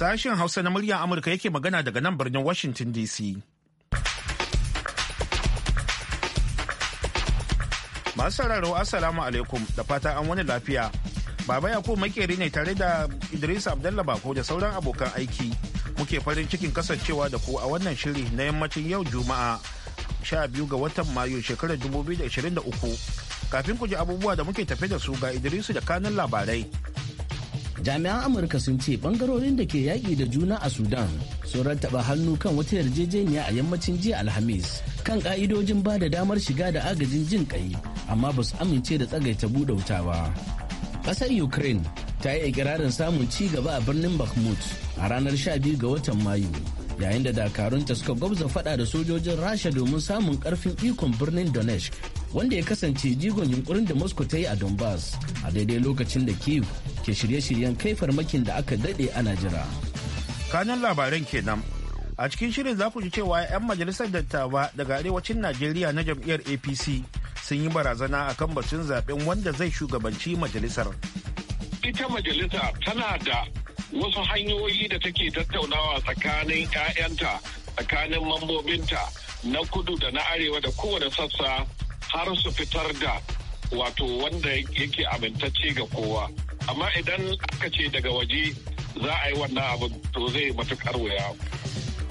Sashen Hausa na muryar Amurka yake magana daga nan birnin Washington DC. Masu sauraro Assalamu alaikum da fata an wani lafiya. Baba Yakubu makeri ne tare da Idris Abdallah Bako da sauran abokan aiki. Muke farin cikin kasancewa da ku a wannan shiri na yammacin yau Juma'a 12 ga watan Mayu shekarar 2023. Kafin ku ji abubuwa da muke tafe da su ga Idrisu da kanun labarai. jami'an amurka sun ce bangarorin da ke yaƙi da juna a sudan sun rantaba hannu kan wata yarjejeniya a yammacin jiya alhamis kan ka'idojin ba da damar shiga da agajin jin kai amma ba su amince da tsagaita buɗe wuta ba ƙasar ukraine ta yi ikirarin samun ci gaba a birnin bakhmut a ranar 12 ga watan mayu yayin da dakarunta suka gwabza fada da sojojin rasha domin samun karfin ikon birnin donetsk wanda ya kasance jigon yunkurin da moscow ta yi a donbass a daidai lokacin da kiev ke shirye-shiryen kai farmakin da aka dade ana jira kanin labaran kenan a cikin shirin za ku ji cewa 'yan majalisar dattawa daga arewacin najeriya na jam'iyyar apc sun yi barazana a kan batun zaben wanda zai shugabanci majalisar ita majalisa tana da wasu hanyoyi da take tattaunawa tsakanin 'ya'yanta tsakanin mambobinta na kudu da na arewa da kowane sassa har su fitar da wato wanda yake amintacce ga kowa amma idan aka ce daga waje za a yi wannan abin to zai matukar wuya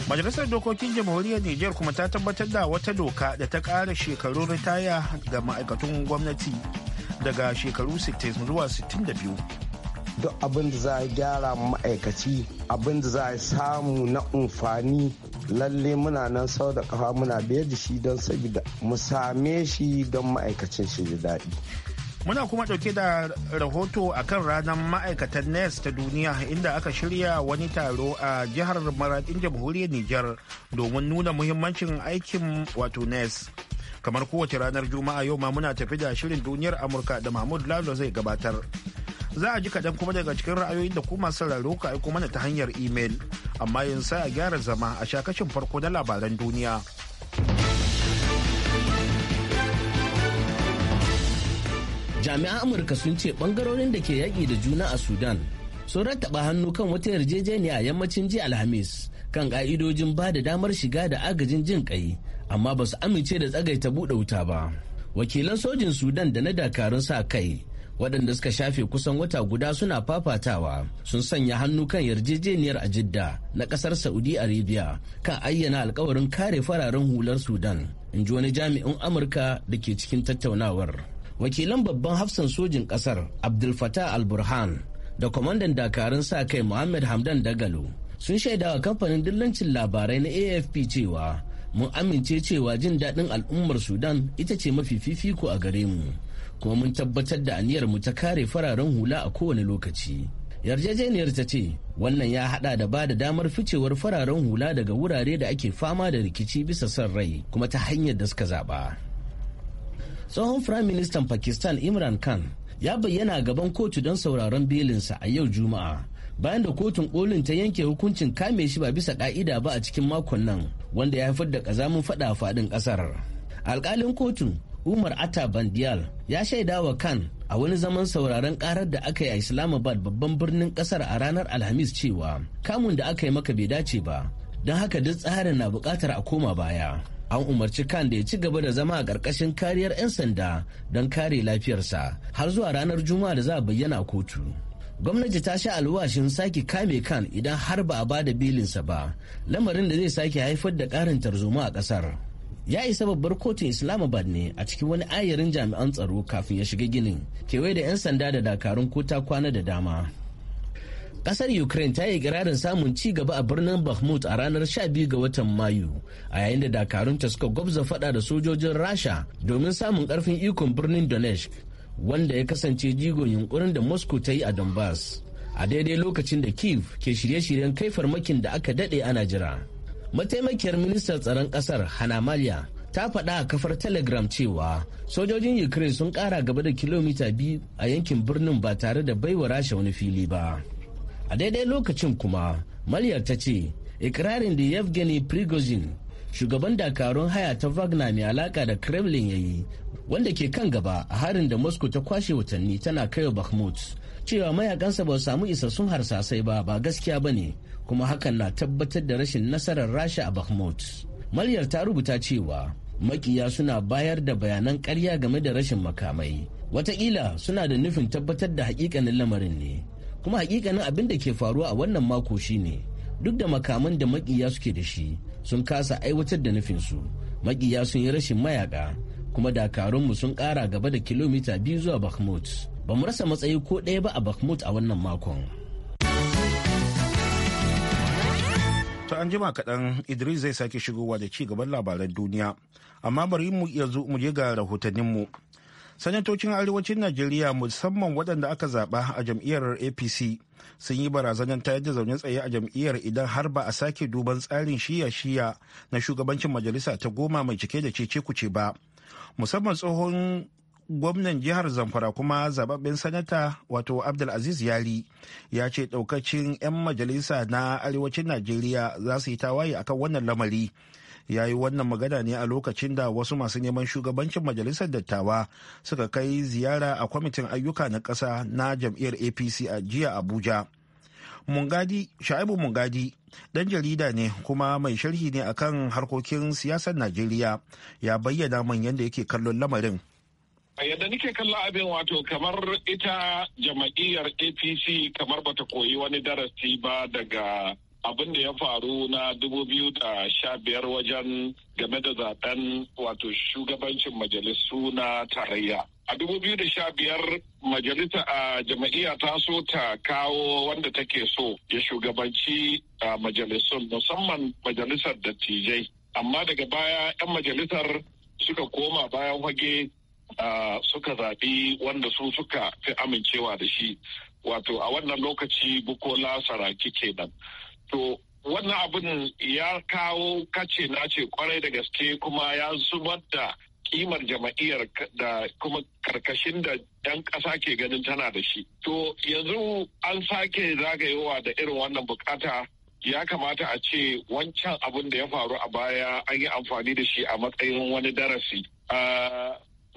majalisar dokokin jamhuriyar niger kuma ta tabbatar da wata doka da ta kara shekaru ritaya ga ma'aikatun gwamnati daga shekaru 60 zuwa 62 duk abin da za a gyara ma'aikaci abin da za a samu na amfani lalle muna nan sau da kafa muna biyar da shi don saboda mu same shi don ma'aikacin shi ji daɗi. Muna kuma ɗauke da rahoto a kan ranar ma'aikatan NES ta duniya inda aka shirya wani taro a jihar Maradin jamhuriyar Nijar domin nuna muhimmancin aikin wato NES. Kamar kowace ranar Juma'a yau ma muna tafi da shirin duniyar Amurka da Mahmud Lalo zai gabatar. za a ji kaɗan kuma daga cikin ra'ayoyin da kuma sauraro ka aiko mana ta hanyar imel amma yanzu sai a gyara zama a shakashin farko na labaran duniya jami'an amurka sun ce bangarorin da ke yaƙi da juna a sudan sun rattaba hannu kan wata yarjejeniya a yammacin jiya alhamis kan ka'idojin ba da damar shiga da agajin jin kai amma ba su amince da tsagaita buɗe wuta ba wakilan sojin sudan da na dakarun sa kai waɗanda suka shafe kusan wata guda suna fafatawa sun sanya hannu kan yarjejeniyar a jidda na ƙasar saudi arabia kan ayyana alkawarin kare fararen hular sudan in ji wani jami'in amurka da ke cikin tattaunawar wakilan babban hafsan sojin ƙasar abdul fatah al da kwamandan dakarun sa kai muhammad hamdan dagalo sun shaidawa kamfanin dillancin labarai na afp cewa mun amince cewa jin daɗin al'ummar sudan ita ce mafi fifiko a gare mu kuma mun tabbatar da aniyar mu ta kare fararen hula a kowane lokaci yarjejeniyar ta ce wannan ya hada da ba da damar ficewar fararen hula daga wurare da ake fama da rikici bisa son rai kuma ta hanyar da suka zaba tsohon firaministan pakistan imran khan ya bayyana gaban kotu don sauraron belinsa a yau juma'a bayan da kotun kolin ta yanke hukuncin kame shi ba bisa ka'ida ba a cikin makon nan wanda ya haifar da ƙazamin faɗa a fadin kasar alkalin kotun umar atta bandiyal ya shaida wa kan a wani zaman sauraron karar da aka yi a islamabad babban birnin kasar a ranar alhamis cewa kamun da aka yi maka bai dace ba don haka duk tsarin na bukatar a koma baya an umarci kan da ya ci gaba da zama a ƙarƙashin kariyar 'yan sanda don kare lafiyarsa har zuwa ranar juma'a da za a bayyana kotu gwamnati ta sha alwashin sake kame kan idan har ba a ba da bilinsa ba lamarin da zai sake haifar da ƙarin tarzoma a ƙasar ya isa babbar kotun islamabad ne a cikin wani ayarin jami'an tsaro kafin ya shiga ginin kewaye da 'yan sanda da dakarun kota kwana da dama kasar ukraine ta yi kirarin samun ci gaba a birnin bakhmut a ranar 12 ga watan mayu a yayin da dakarunta suka gwabza fada da sojojin rasha domin samun karfin ikon birnin donetsk wanda ya kasance jigon yunkurin da moscow ta yi a donbass a daidai lokacin da kiev ke shirye-shiryen kai farmakin da aka dade ana jira mataimakiyar ministan tsaron kasar malia ta faɗa a kafar telegram cewa sojojin ukraine sun ƙara gaba da kilomita biyu a yankin birnin ba tare da baiwa rasha wani fili ba a daidai lokacin kuma malia ta ce ikirarin da yevgeny prigozhin shugaban dakarun haya ta wagner mai alaka da kremlin ya yi wanda ke kan gaba a harin da moscow ta kwashe watanni tana kaiwa bakhmut cewa mayakansa ba samu isassun harsasai ba ba gaskiya ba ne kuma hakan na tabbatar da rashin nasarar rasha a bakhmut maryar ta rubuta cewa makiya suna bayar da bayanan karya game da rashin makamai watakila suna da nufin tabbatar da hakikanin lamarin ne kuma hakikanin abin da ke faruwa a wannan mako shine duk da makaman da makiya suke da shi sun kasa aiwatar da nufinsu makiya sun yi rashin mayaka kuma dakarunmu sun kara gaba da kilomita biyu zuwa bakhmut ba mu rasa matsayi ko ɗaya ba a bakhmut a wannan makon an jima kaɗan idris zai sake shigowa da ci gaban labaran duniya amma bari mu yanzu mu je ga rahotanninmu sanatocin arewacin najeriya musamman waɗanda aka zaɓa a jam'iyyar apc sun yi barazanar tayar da zaune tsaye a jam'iyyar idan har ba a sake duban tsarin shiya-shiya na shugabancin majalisa ta goma mai cike da cece kuce ba musamman tsohon gwamnan jihar zamfara kuma zababben sanata wato abdulaziz yari ya ce daukacin 'yan majalisa na arewacin najeriya za su yi tawaye akan wannan lamari ya yi wannan magana ne a lokacin da wasu masu neman shugabancin majalisar dattawa suka kai ziyara a kwamitin ayyuka na ƙasa na jam'iyyar apc a jiya abuja mungadi sha'ibu mungadi dan jarida ne kuma mai sharhi ne akan harkokin siyasar najeriya ya bayyana man yadda yake kallon lamarin yadda nike kalla abin wato kamar ita jama'iyyar apc kamar bata koyi wani darasi ba daga abin da ya faru na dubu biyu da sha biyar wajen game da zaben wato shugabancin majalisu na tarayya a biyar majalisa a jama'iyya ta so ta kawo wanda take so ya shugabanci a majalisun musamman majalisar dattijai amma daga baya 'yan majalisar suka koma bayan fage suka zaɓi wanda su suka fi amincewa da shi wato a wannan lokaci bukola saraki kenan to wannan abin ya kawo kace na ce kwarai da gaske kuma ya zubar da kimar jama'iyyar da kuma karkashin da ɗan ƙasa ke ganin tana da shi. To yanzu an sake zagayowa da irin wannan bukata ya kamata a ce wancan abin da ya faru a baya an yi amfani da shi a matsayin wani darasi.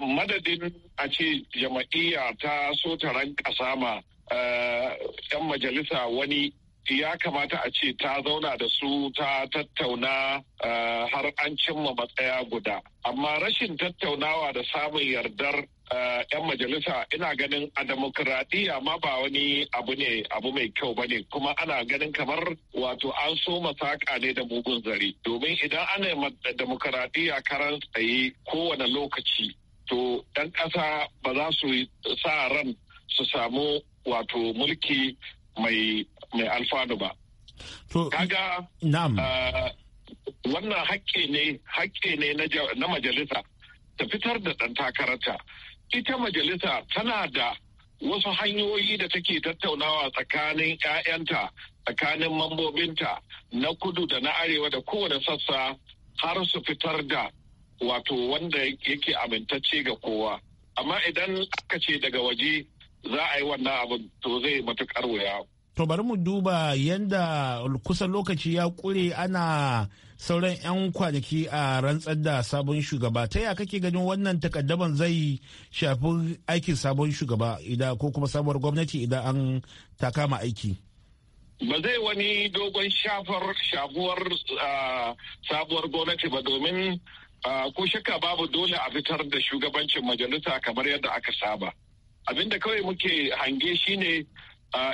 madadin a ce jama'iyya ta so taron kasa ma eh, 'yan majalisa wani ya kamata a ce ta zauna da su ta tattauna eh, har an cimma matsaya guda amma rashin tattaunawa da samun yardar eh, 'yan majalisa ina ganin a demokuraɗiyya ma ba wani abu ne abu mai kyau ba ne kuma ana ganin kamar wato an so masaka ne da mugun zari domin idan ana yi demokuraɗiyya karan tsaye kowane lokaci to ɗan ƙasa ba za su sa ran su samu wato mulki mai alfanu ba. Kaga ah, wannan haƙƙi ne haƙƙi ne na majalisa ta fitar da ɗan takararta. Ita majalisa tana da wasu hanyoyi da take tattaunawa tsakanin 'ya'yanta tsakanin mambobinta na kudu da na arewa da kowane sassa har su fitar da wato wanda yake amintacce ga kowa amma idan aka ce daga waje za a yi wannan abin to zai matukar wuya to bari mu duba yadda kusan lokaci ya kure ana sauran 'yan kwanaki a rantsar da sabon shugaba ta ya kake ganin wannan takaddaban zai shafi aikin sabon shugaba idan ko kuma sabuwar gwamnati idan an ta kama aiki ba zai wani dogon shafar shafuwar ah, sabuwar gwamnati ba domin ko shakka babu dole a fitar da shugabancin majalisa kamar yadda aka saba abinda kawai muke hange shine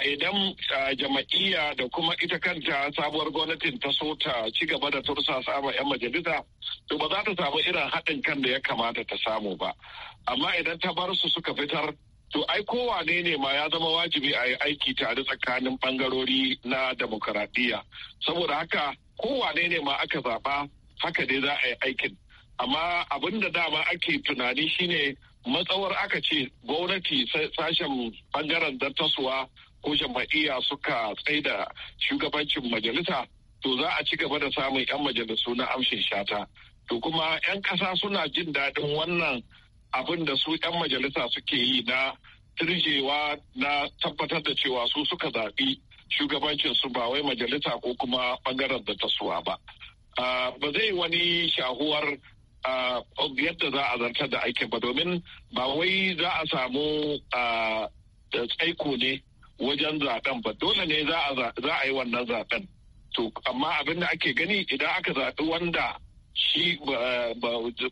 idan jama'iyya da kuma ita kanta sabuwar gwamnatin ta so ta ci gaba da tursa sama 'yan majalisa to ba za ta samu irin haɗin kan da ya kamata ta samu ba amma idan ta bar su suka fitar to ai kowa ne ma ya zama wajibi a yi aiki tare tsakanin bangarori na demokaradiyya saboda haka kowa ne ma aka zaɓa haka dai za a yi aikin amma abin da dama ake tunani shine matsawar aka ce gwamnati sashen bangaren dattasuwa ko jama'iyya suka tsaida shugabancin majalisa to za a ci gaba da samun 'yan majalisu na amshin shata to kuma 'yan kasa suna jin daɗin wannan abin da su 'yan majalisa suke yi na turjewa na tabbatar da cewa su suka zaɓi shugabancin su ba wai majalisa ko kuma bangaren da ta suwa ba ah, ba zai wani shahuwar yadda za a zartar da aikin ba domin ba wai za a samu tsaiko ne wajen zaben ba dole ne za a yi wannan zaɓen to amma abin da ake gani idan aka zaɓi wanda shi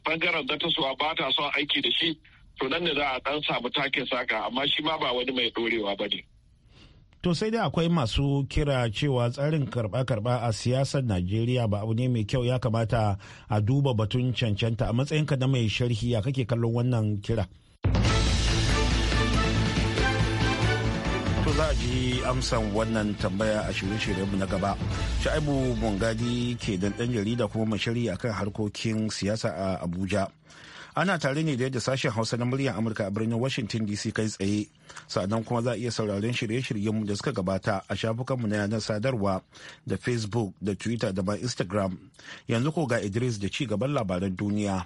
bangaren suwa ba ta son aiki da shi to nan ne za a ɗan samu takin saka amma shi ma ba wani mai ɗorewa ba ne. To sai dai akwai masu kira cewa tsarin karba-karba a siyasar Najeriya ba abu ne mai kyau ya kamata a duba batun cancanta a matsayinka na mai sharhi ya kake kallon wannan kira. To za a ji amsan wannan tambaya a shirye-shiryenmu na gaba. Sha'ibu Bungadi ke dan jarida kuma mai shari'a kan harkokin siyasa a Abuja. ana tare ne da yadda sashen hausa na muryar amurka a birnin washington dc kai tsaye sannan kuma za a iya sauraron shirye-shiryenmu da suka gabata a shafukanmu na yanar sadarwa da facebook da twitter da ma instagram yanzu ko ga idris da ci gaban labaran duniya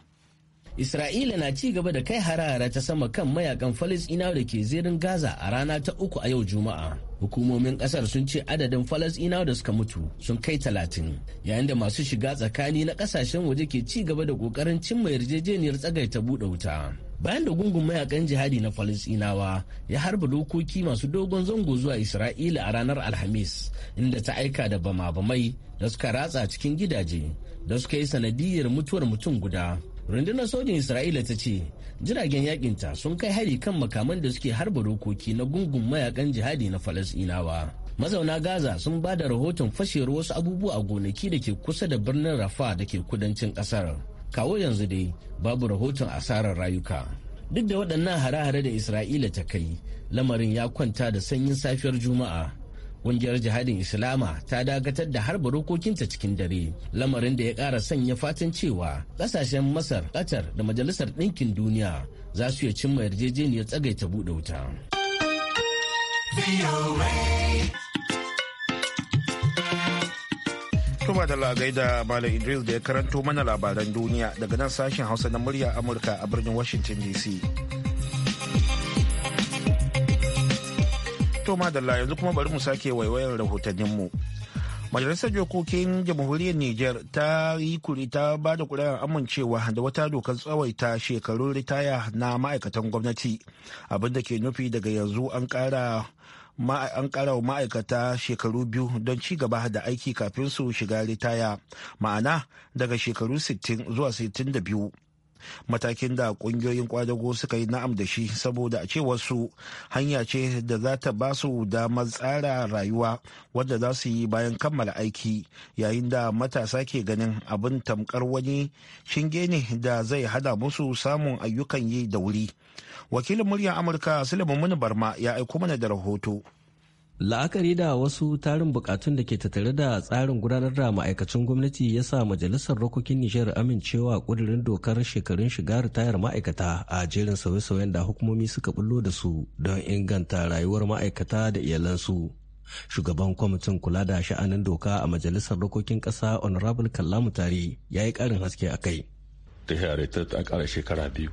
Isra'ila na ci gaba da kai harara ta sama kan mayakan Falasɗinawa da ke zirin Gaza a rana ta uku a yau Juma'a. Hukumomin ƙasar sun ce adadin Falasɗinawa da suka mutu sun kai talatin, yayin da masu shiga tsakani na ƙasashen waje ke ci gaba da ƙoƙarin cimma yarjejeniyar tsagaita buɗe wuta. Bayan da gungun mayakan jihadi na Falasɗinawa ya harba dokoki masu dogon zango zuwa Isra'ila a ranar Alhamis, inda ta aika da bama-bamai da suka ratsa cikin gidaje da suka yi sanadiyar mutuwar mutum guda. rundunar sojin isra'ila ta ce jiragen yakinta sun kai hari kan makaman da suke harba dokoki na gungun mayakan jihadi na falasinawa mazauna gaza sun ba da rahoton fashewar wasu abubuwa a gonaki da ke kusa da birnin rafa da ke kudancin kasar kawo yanzu dai babu rahoton asarar rayuka duk da waɗannan hare-hare da isra'ila ta kai lamarin ya kwanta da sanyin safiyar juma'a kungiyar jihadin Islama ta dakatar da harba rokokinta cikin dare, lamarin da ya kara sanya fatan cewa kasashen Masar, Qatar da Majalisar Ɗinkin Duniya za su iya cimma yarjejeniyar tsagaita buɗe wuta. Tuma da gaida Malam Idris da ya karanto mana labaran duniya daga nan sashen Hausa na murya Amurka a birnin Washington DC. To madalla yanzu kuma bari mu sake rahotannin mu Majalisar Jokokin Jamhuriyar Nijar ta yi kuri ta ba da kuri'ar amincewa da wata dokar tsawaita shekarun ritaya na ma'aikatan gwamnati abinda ke nufi daga yanzu an kara an kara wa ma'aikata shekaru biyu don ci gaba da aiki kafin su shiga ritaya ma'ana daga shekaru 60 zuwa 62 matakin da kungiyoyin kwadago suka yi na'am da shi saboda a ce wasu hanya ce da za ta ba su damar tsara rayuwa wadda za su yi bayan kammala aiki yayin da matasa ke ganin abin tamkar wani shinge ne da zai hada musu samun ayyukan yi da wuri wakilin muryar amurka sulaiman muni barma ya aiko mana da rahoto la'akari da wasu tarin bukatun da ke tattare da tsarin gudanar da ma'aikacin gwamnati ya sa majalisar rokokin nijar amincewa kudirin dokar shekarun shiga ritayar ma'aikata a jerin sauye-sauyen da hukumomi suka bullo da su don inganta rayuwar ma'aikata da iyalansu shugaban kwamitin kula da sha'anin doka a majalisar rokokin ƙasa honorable kallamu tari ya yi ƙarin haske a kai ta ƙara shekara biyu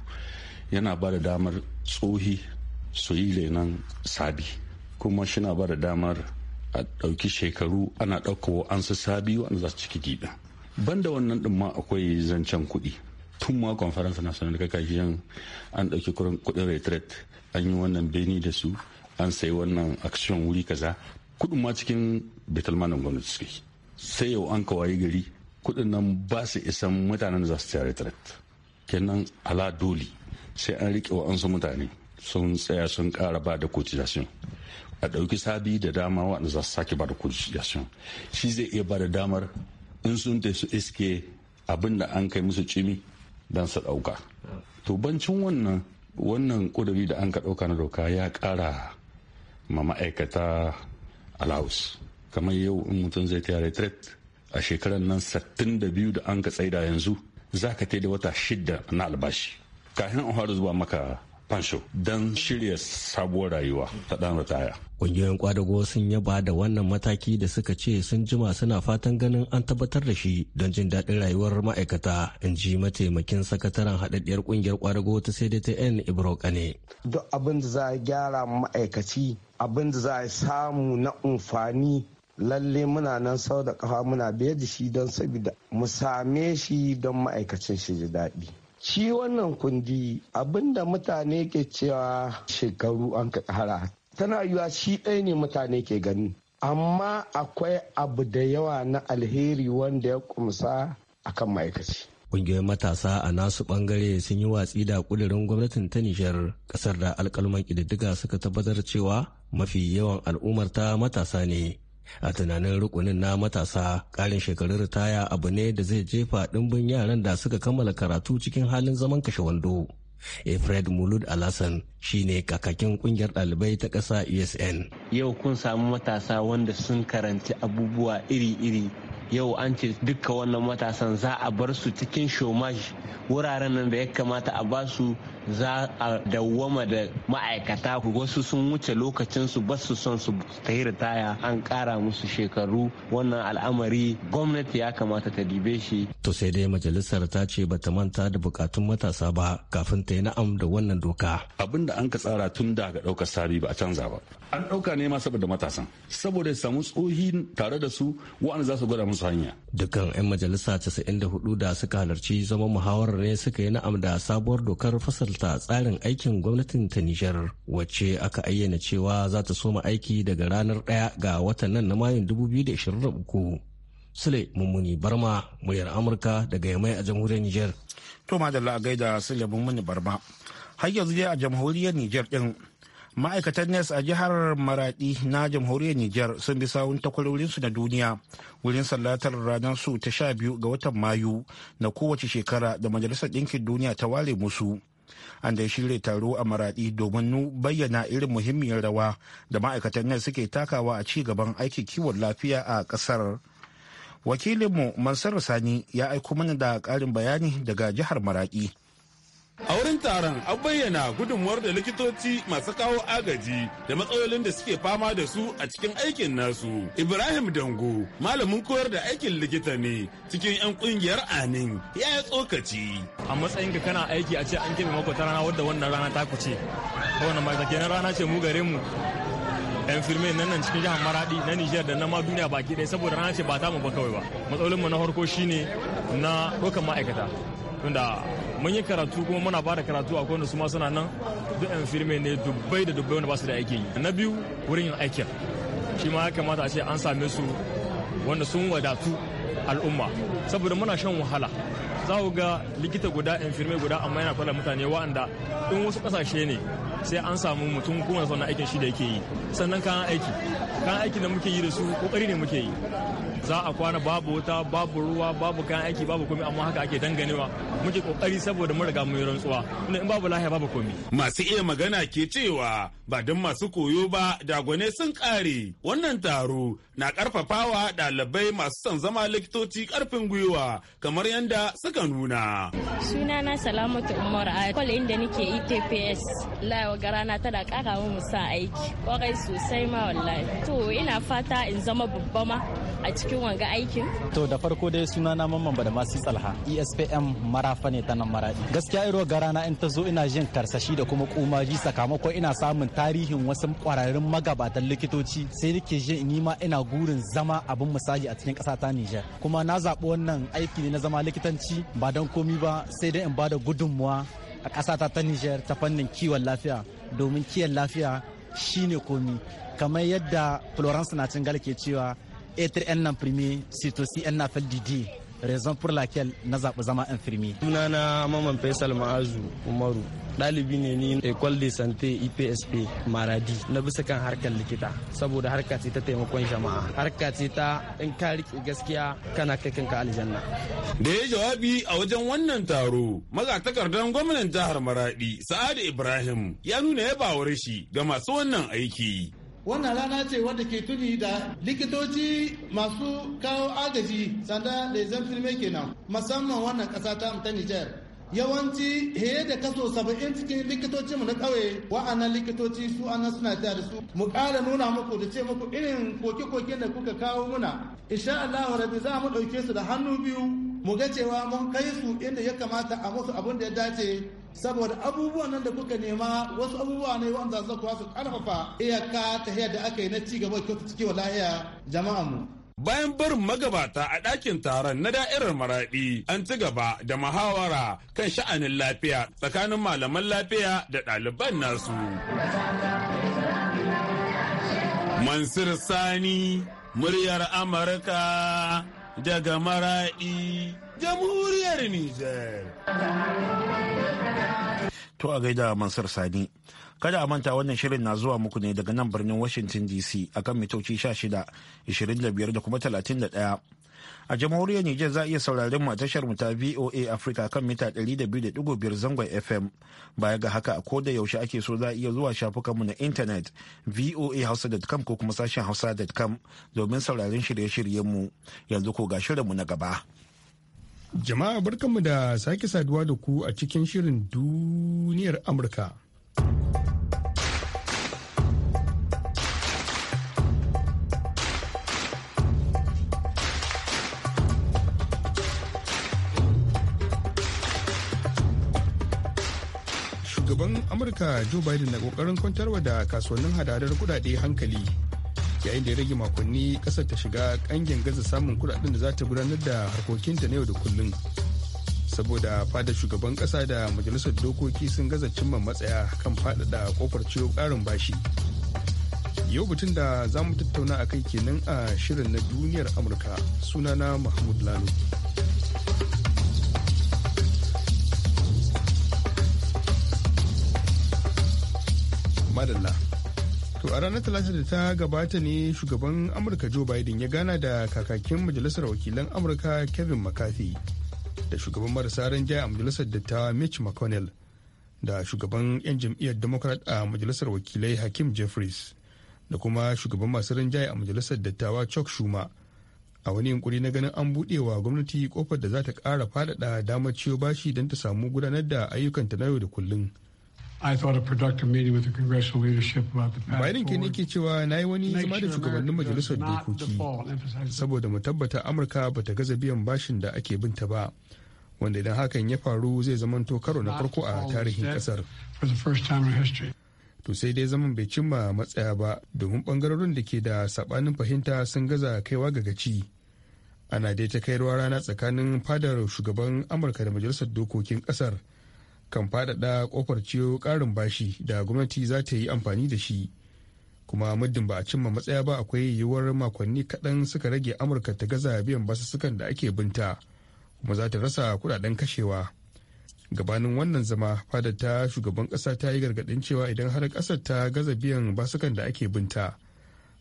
yana ba da damar tsohi su yi renon sabi kuma shina ba da damar a ɗauki shekaru ana ɗauka an su sabi wanda za su ciki giɓa banda wannan ɗin ma akwai zancen kuɗi tun ma conference national kakakin an ɗauki kuɗin retret an yi wannan beni da su an sayi wannan action wuri kaza kuɗin ma cikin betalmanin gwamnati suke sai yau an kawai gari kuɗin nan ba su isan mutanen da za su tsaya retret kenan ala doli sai an riƙe wa mutane sun tsaya sun ƙara ba da cotisation a ɗauki sabi da dama waɗanda za su sake ba da conciliation shi zai iya ba da damar in sun su iske abin da an kai musu cimi don su ɗauka to bancin wannan wannan ƙuduri da an ka ɗauka na doka ya kara ma ma'aikata allowance kamar yau in mutum zai ta retret a shekarar nan 62 da an ka tsaida yanzu za ka da wata shida na albashi kafin an fara zuwa maka fansho don shirya sabuwar rayuwa ta dan ritaya. Ƙungiyoyin kwadago sun yaba da wannan mataki da suka ce sun jima suna fatan ganin an tabbatar da shi don jin daɗin rayuwar ma'aikata in ji mataimakin sakataren haɗaɗɗiyar ƙungiyar kwadago ta CDTN Ibro Kane. Duk abin da za a gyara ma'aikaci abin da za a samu na amfani lalle muna nan sau da kafa muna biye da shi don sabida mu same shi don ma'aikacin shi ji daɗi. Shi wannan kundi abinda mutane ke cewa shekaru an kakara Tana yiwa shi ɗaya ne mutane ke gani. Amma akwai abu da yawa na alheri wanda ya kumsa kan ma'aikaci. Ƙungiyoyin matasa a nasu ɓangare sun yi watsi da ƙudurin gwamnatin ta Nijar ƙasar da alƙalman ƙididdiga suka tabbatar cewa mafi yawan al'ummarta matasa ne. a tunanin rukunin na matasa ƙarin shekarun ritaya abu ne da zai jefa ɗimbin yaran da suka kammala karatu cikin halin zaman kashe wando efred mulud alasan ne kakakin kungiyar ɗalibai ta ƙasa usn yau kun samu matasa wanda sun karanci abubuwa iri-iri yau an ce dukka wannan matasan za a bar su cikin shomaj wuraren nan da ya kamata a ba su za a dawwama da ma'aikata wasu sun wuce lokacin su ba su son su ta ritaya an kara musu shekaru wannan al'amari gwamnati ya kamata ta dibe shi. To sai dai majalisar ta ce ba ta manta da bukatun matasa ba kafin ta yi na'am da wannan doka. Abin da an ka tsara tun da ga daukar sari ba a canza ba. An dauka ne ma saboda matasan saboda samu tsohi tare da su wa'anda za su gwada musu hanya. Dukkan 'yan majalisa 94 da suka halarci zaman muhawarar ne suka yi na'am da sabuwar dokar fasalta tsarin aikin gwamnatin ta Nijar wacce aka ayyana cewa za ta soma aiki daga ranar 1 ga watan nan na Mayun 2023. Sule Mummuni Barma, muryar Amurka daga Yamai a jamhuriyar Nijar. To madalla a gaida Sule Mummuni Barma. Har yanzu dai a jamhuriyar Nijar din ma'aikatan nes a jihar maradi na jamhuriyar niger sun bi sawun takwarorinsu na duniya wurin sallatar ranar su ta sha biyu ga watan mayu na kowace shekara da majalisar ɗinkin duniya ta ware musu an da shirya taro a maradi domin nu bayyana irin muhimmiyar rawa da ma'aikatan nes suke takawa a ci gaban aikin kiwon lafiya a ƙasar wakilinmu mansar sani ya aiko mana da ƙarin bayani daga jihar maradi A wurin taron an bayyana gudunmuwar da likitoci masu kawo agaji da matsalolin da suke fama da su a cikin aikin nasu. Ibrahim Dango, malamin koyar da aikin likita ne cikin 'yan kungiyar Anin, ya yi tsokaci. A matsayin ka kana aiki a ce an kebe mako ta rana wadda wannan rana ta kuce. Wannan ma kenan rana ce mu gare mu. yan firme nan nan cikin jihar maradi na nijar da na ma duniya baki ɗaya saboda rana ce ba ta mu ba kawai ba matsalolin mu na farko shine na ɗaukar ma'aikata tunda mun yi karatu kuma muna ba da karatu a wanda su ma suna nan duk yan firme ne dubbai da dubbai wanda ba su da aiki yi na biyu wurin yin aikin shi ma ya kamata a ce an same su wanda sun wadatu al'umma saboda muna shan wahala za ku ga likita guda yan firme guda amma yana kwallon mutane wa'anda in wasu kasashe ne sai an samu mutum kuma sauna aikin shi da yake yi sannan kayan aiki kayan aiki da muke yi da su kokari ne muke yi za a kwana babu wuta babu ruwa babu kayan aiki babu komai amma haka ake danganewa muke kokari saboda mun riga mun rantsuwa kuma in babu lahiya babu komai masu iya magana ke cewa ba don masu koyo ba dagwane sun kare wannan taro na karfafawa dalibai masu son zama likitoci karfin gwiwa kamar yanda suka nuna sunana salamatu umar a kwalin da nake etps Allah ga rana tana kara mu sa aiki kwarai sosai ma wallahi to ina fata in zama babba ma a cikin wanga aikin to da farko dai suna na mamman ba da masu tsalha espm marafa ne ta nan maradi gaskiya iro ga rana in ta zo ina jin karsashi da kuma kumaji sakamakon ina samun tarihin wasu kwararrun magabatan likitoci sai nake jin ni ma ina gurin zama abin misali a cikin kasa ta Nijar kuma na zabi wannan aiki ne na zama likitanci ba dan komi ba sai dai in ba da gudunmuwa a ƙasata ta Nijar ta fannin kiwon lafiya domin kiyan lafiya shine komi kamar yadda Florence na Nightingale ke cewa etir yan nan firme sitosi yan na raison pour laquelle na zaɓi zama infirmier. Sunana Maman Faisal Ma'azu Umaru ɗalibi ne ni Ecole de Santé IPSP Maradi na bisa kan harkar likita saboda harka ce ta taimakon jama'a harka ce ta in ka riƙe gaskiya kana kai kanka aljanna. Da ya jawabi a wajen wannan taro takardar gwamnan jihar Maradi Sa'adu Ibrahim ya nuna yabawar shi ga masu wannan aiki. wannan rana ce wadda ke tuni da likitoci masu kawo agaji sanda da zamfirme kenan musamman wannan kasa ta ta Nijar. yawanci heye da kaso saba'in cikin mu na kawai. wa'annan likitoci su anan suna ta da su mu kara nuna muku da ce muku irin koke-koke da kuka kawo muna insha Allah rabi za mu ɗauke su da hannu biyu mu ga cewa mun kai su inda ya kamata a musu abin da ya dace saboda abubuwan nan da kuka nema wasu abubuwa ne wanda za su karfafa iyaka ta da aka yi na cigaba gaba kyautu wa lahiya jama'a mu bayan barin magabata a ɗakin taron na da'irar maraɗi an ci gaba da muhawara kan sha'anin lafiya tsakanin malaman lafiya da ɗaliban nasu mansur sani muryar amurka daga maraɗi jamhuriyar Nijar. To a gaida Mansur Sani. Kada a manta wannan shirin na zuwa muku ne daga nan birnin Washington DC akan mitoci 16, 25 da kuma 31. A jamhuriyar Nijar za a iya saurarin mu a tashar mu ta VOA Africa kan mita 200.5 zangon FM. Baya ga haka a koda yaushe ake so za a iya zuwa shafukan mu na intanet voahausa.com ko kuma sashen hausa.com domin sauraron shirye-shiryen mu. Yanzu ko ga shirinmu na gaba. Jama'a barkanmu da sake saduwa da ku a cikin shirin duniyar Amurka. Shugaban Amurka Joe Biden na kokarin kwantarwa da kasuwannin hadadar kudade hankali yayin da ya rage makonni kasar ta shiga kangen gaza samun kudaden da za ta gudanar da harkokinta na yau da kullum saboda fadar shugaban kasa da majalisar dokoki sun gaza cimma matsaya kan faɗaɗa kofar ciwo ƙarin bashi yau batun da za mu tattauna a kai kenan a shirin na duniyar amurka sunana mahmud lalo madalla To a ranar Talata da ta gabata ne shugaban Amurka Joe Biden ya gana da kakakin majalisar wakilan Amurka Kevin McCarthy da shugaban marasa jaya a majalisar dattawa Mitch McConnell da shugaban 'yan jam'iyyar Democrat a majalisar wakilai Hakim Jeffries da kuma shugaban masu ran jaya a majalisar dattawa Chuck Schumer a wani yunkuri na ganin an buɗe wa gwamnati kofar da za ta ƙara faɗaɗa damar ciwo bashi don ta samu gudanar da ayyukanta na yau da kullum. I thought a productive meeting with the congressional leadership about ke cewa na yi wani zama da shugabannin majalisar dokoki saboda mu tabbata Amurka ba ta gaza biyan bashin da ake binta ba wanda idan hakan ya faru zai zamanto karo na farko a tarihin kasar. To sai dai zaman bai cimma matsaya ba domin bangarorin da ke da sabanin fahimta sun gaza kaiwa ga gaci. Ana dai ta kai ruwa rana tsakanin fadar shugaban Amurka da majalisar dokokin kasar. kan faɗaɗa kofar ciyo ƙarin bashi da gwamnati za ta yi amfani da shi kuma muddin ba a cimma matsaya ba akwai yiwuwar makonni kaɗan suka rage amurka ta gaza biyan basussukan da ake binta kuma za ta rasa kuɗaɗen kashewa gabanin wannan zama fadar ta shugaban ƙasa ta yi gargaɗin cewa idan har ƙasar ta gaza biyan basukan da ake binta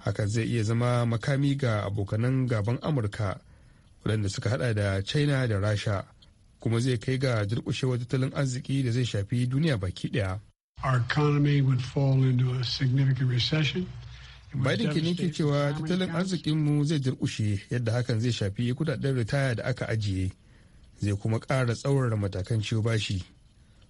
hakan zai iya zama makami ga abokanan gaban amurka waɗanda suka haɗa da china da rasha kuma zai kai ga durƙushewar tattalin arziki da zai shafi duniya baki ɗaya. Biden ke cewa tattalin arzikinmu zai durƙushe yadda hakan zai shafi kudaden ritaya da aka ajiye zai kuma ƙara tsaurara matakan ciwo bashi.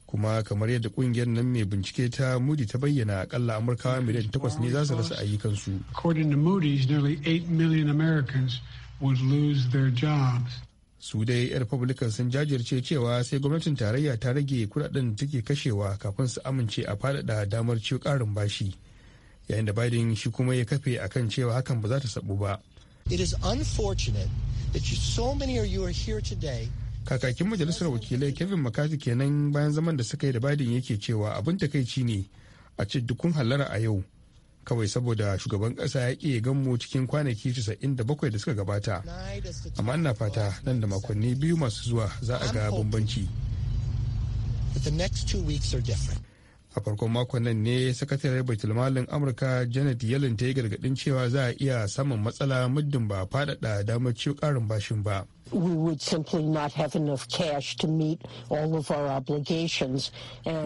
kuma kamar yadda kungiyar nan mai bincike ta Moody ta bayyana akalla Amurkawa miliyan takwas ne za su rasa ayyukansu. According to Moody's, nearly 8 million Americans would lose their jobs. su dai yan republican sun jajirce cewa sai gwamnatin tarayya ta rage kudaden da take kashewa kafin su amince a faɗaɗa damar ciwo ƙarin bashi yayin da biden shi kuma ya kafe akan cewa hakan ba za ta sabu ba it is unfortunate that you, so many of you are here today kakakin majalisar wakilai kevin mccarthy kenan bayan zaman da suka yi da biden yake cewa abin takaici ne a ce dukun hallara a yau kawai saboda shugaban kasa ya ƙi gan mu cikin kwanaki 97 da suka gabata amma ina fata nan da makonni biyu masu zuwa za a ga bambanci. a farkon makon nan ne sakataren baitulmalin amurka janet yellen ta yi gargadin cewa za a iya saman matsala muddin ba faɗaɗa damar ciwo ƙarin bashin ba we would simply not have enough cash to meet all of our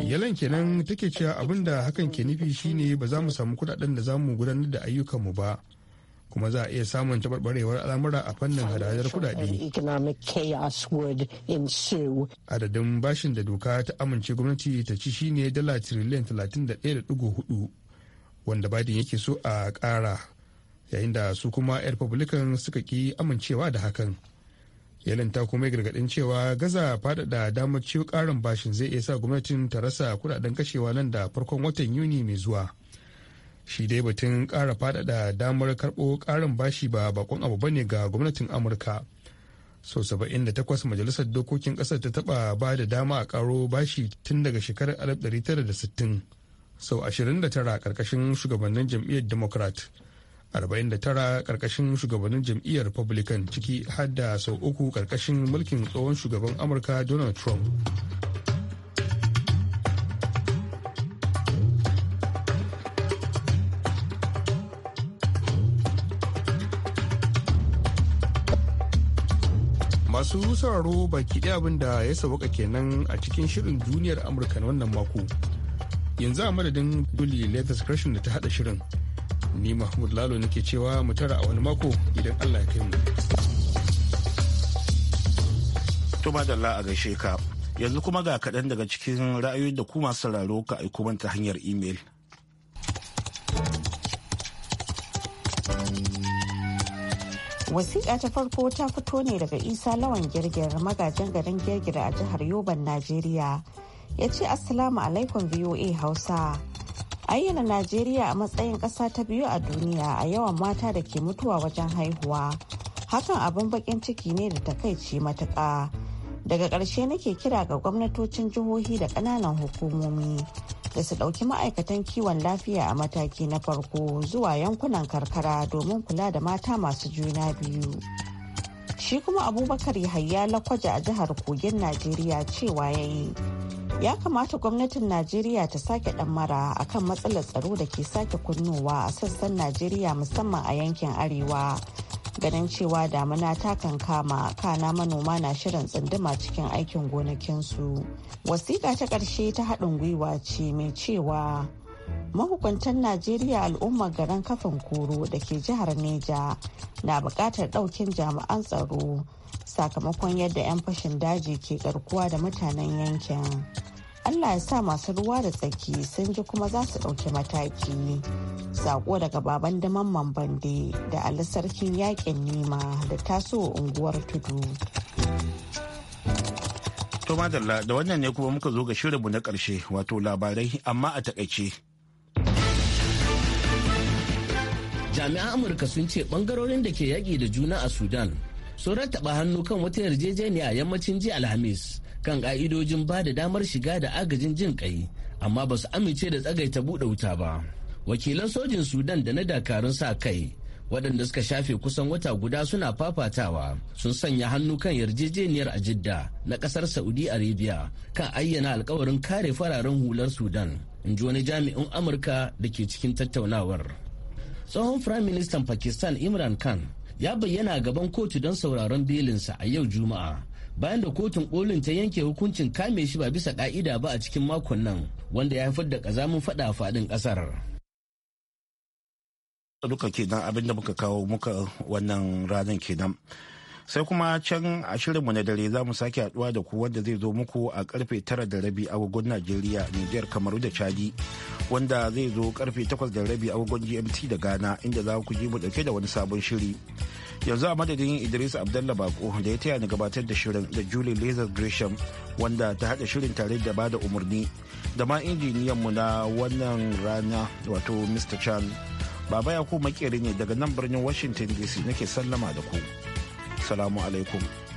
Yalan kenan take cewa abin da hakan ke nufi shine ba za mu samu kudaden da za mu gudanar da ayyukanmu ba. kuma za a iya samun taɓarɓarewar al'amura a fannin hadadar kuɗaɗe. Adadin bashin da doka ta amince gwamnati ta ci shine dala tiriliyan 31.4 wanda Biden yake so a kara yayin da su kuma 'yan Republican suka ki amincewa da hakan. Yalin ta kuma gargaɗin cewa gaza faɗaɗa damar ciwo ƙarin bashin zai iya sa gwamnatin ta rasa kuɗaɗen kashewa nan da farkon watan Yuni mai zuwa. shi dai batun kara faɗaɗa damar karɓo ƙarin bashi ba bakon abu bane ga gwamnatin amurka so 78 majalisar dokokin ƙasar ta taɓa ba da dama a karo bashi tun daga shekarar 1960 sau 29 karkashin shugabannin jam'iyyar democrat 49 karkashin shugabannin jam'iyyar republican ciki har sau uku karkashin mulkin tsohon shugaban amurka donald trump masu sauraro baki ɗaya abin da ya sauka kenan a cikin shirin duniyar amurka na wannan mako yanzu a madadin duli latest crashin da ta hada shirin ni mahmud lalo nake cewa mu tara a wani mako idan allah ya kai mu a gaishe yanzu kuma ga kaɗan daga cikin ra'ayoyin da ku masu sauraro ka aiko ta hanyar imel wasiƙa ta farko ta fito ne daga isa lawan girgir magajin garin girgir a jihar yoban najeriya ya ce assalamu alaikum voa hausa ayyana najeriya a matsayin ƙasa ta biyu a duniya a yawan mata da ke mutuwa wajen haihuwa hakan abin bakin ciki ne da takaici matuƙa daga ƙarshe nake kira ga gwamnatocin jihohi da ƙananan hukumomi da su ɗauki ma'aikatan kiwon lafiya a mataki na farko zuwa yankunan karkara domin kula da mata masu juna biyu. Shi kuma Abubakar Yahaya Lakwaja a jihar Kogin Najeriya cewa ya yi. Ya kamata gwamnatin Najeriya ta sake ɗamara a kan matsalar tsaro da ke sake kunnowa a sassan Najeriya musamman a yankin Arewa ganin cewa damuna ta kankama kana manoma na shirin tsunduma cikin aikin gonakinsu wasiƙa ta ƙarshe ta haɗin gwiwa ce mai cewa mahukuntan najeriya al'ummar garin kafin koro da ke jihar neja na buƙatar ɗaukin jami'an tsaro sakamakon yadda 'yan fashin daji ke garkuwa da mutanen yankin Allah ya sa masu ruwa da tsaki sun ji kuma za su ɗauki mataki. Sako daga baban da mamman bande da Ali sarkin yakin nema da taso unguwar tudu. To madalla da wannan ne kuma muka zo ga shirinmu na ƙarshe wato labarai amma a takaice. Jami'an Amurka sun ce bangarorin da ke yaƙi da juna a Sudan sun rattaba hannu kan wata yarjejeniya yammacin jiya Alhamis kan ka'idojin ba da damar shiga da agajin jin kai amma ba su amince da tsagaita buɗe wuta ba wakilan sojin sudan da na dakarun sa kai waɗanda suka shafe kusan wata guda suna fafatawa sun sanya hannu kan yarjejeniyar a jidda na ƙasar saudi arabia kan ayyana alkawarin kare fararen hular sudan in ji wani jami'in amurka da ke cikin tattaunawar tsohon firayim ministan pakistan imran khan ya bayyana gaban kotu don sauraron belinsa a yau juma'a bayan da kotun kolin ta yanke hukuncin kame shi ba bisa ka'ida ba a cikin makon nan wanda ya haifar da kazamin fada a fadin kasar duka kenan abin da muka kawo muka wannan ranar kenan sai kuma can a shirinmu na dare za mu sake haduwa da ku wanda zai zo muku a karfe tara da rabi agogon najeriya niger kamaru da chadi wanda zai zo karfe takwas da rabi agogon gmt da ghana inda za ku ji mu dauke da wani sabon shiri yanzu a madadin idris abdullah bako da ya taya ni gabatar da shirin da julie laser gresham wanda ta hada shirin tare da bada umarni da ma injiniyan mu na wannan rana wato mr chan baba ya ku makeri ne daga nan birnin washington dc nake sallama da ku salamu alaikum